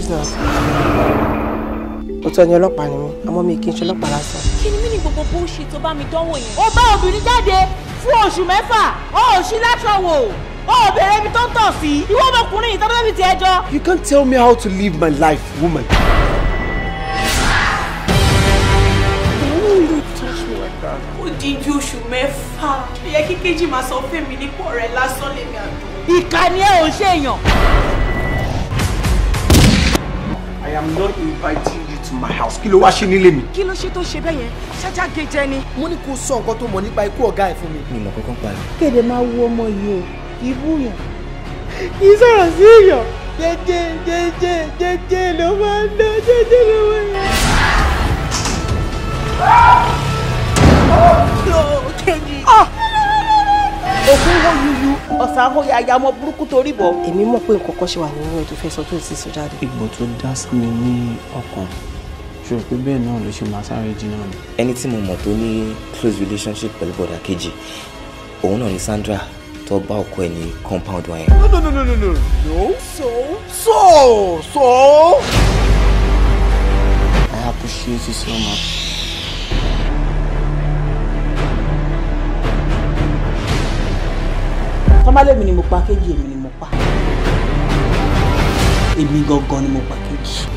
is that? Òtọ́ ni ọlọ́pàá ni mí, ọmọ mi kì í ṣe ọlọ́pàá lásán. Kí ni gbogbo bullshit tó bá mi dánwò yẹn? Ó bá obìnrin jáde fún oṣù mẹ́fà, ó ò ṣí látọ̀ wò ó bẹ̀rẹ̀ ibi tó ń tọ̀ sí ìwọ ọmọkùnrin yìí tọ́jú ibi You can't tell me how to live my life, woman. Odidi oṣù mẹ́fà. Ó yẹ kí Kéjì máa sọ fún mi nípò rẹ̀ lásán lèmi àdó. Ìkànnì ẹ̀ ò ṣèyàn am not inviting you to my house. Kí ló wá ṣe nílé mi? Kí ló ṣe tó ṣe bẹ́ẹ̀ yẹn? Ṣájá gẹ̀jẹ̀ ni. Mo ní kó sọ nǹkan tó mọ̀ nípa ikú ọ̀gá ẹ̀ fún mi. Mi ò mọ̀ kankan pa rẹ̀. Kéde máa wo ọmọ yìí o, kì í búyàn, kì í sọ̀rọ̀ sí èèyàn. Jẹ́jẹ́ jẹ́jẹ́ jẹ́jẹ́ ló máa ń dá jẹ́jẹ́ ló máa ń dá. Òkè ah! ni. Ah! Òkú wọ́n ọ̀sán ahó yaya ọmọ burúkú torí bọ̀. èmi mọ̀ pé nǹkan kan ṣe wà nínú ẹ̀ tó fẹ́ sọ tó ti sọ jáde. ìgbò tó dá sí mi ní ọkàn ṣòro pé bẹ́ẹ̀ náà ló ṣe máa sáré jìnnà ni. ẹni tí mo mọ̀ tó ní close relationship pẹ̀lú bọ̀dà kejì òun náà ni Sandra tó bá ọkọ ẹ̀ ní compound wa yẹn. no no no no no no no so so so. I appreciate you so much. tọ́málẹ̀ mi ni mo pa kejì èmi ni mo pa èmi gangan ni mo pa kejì.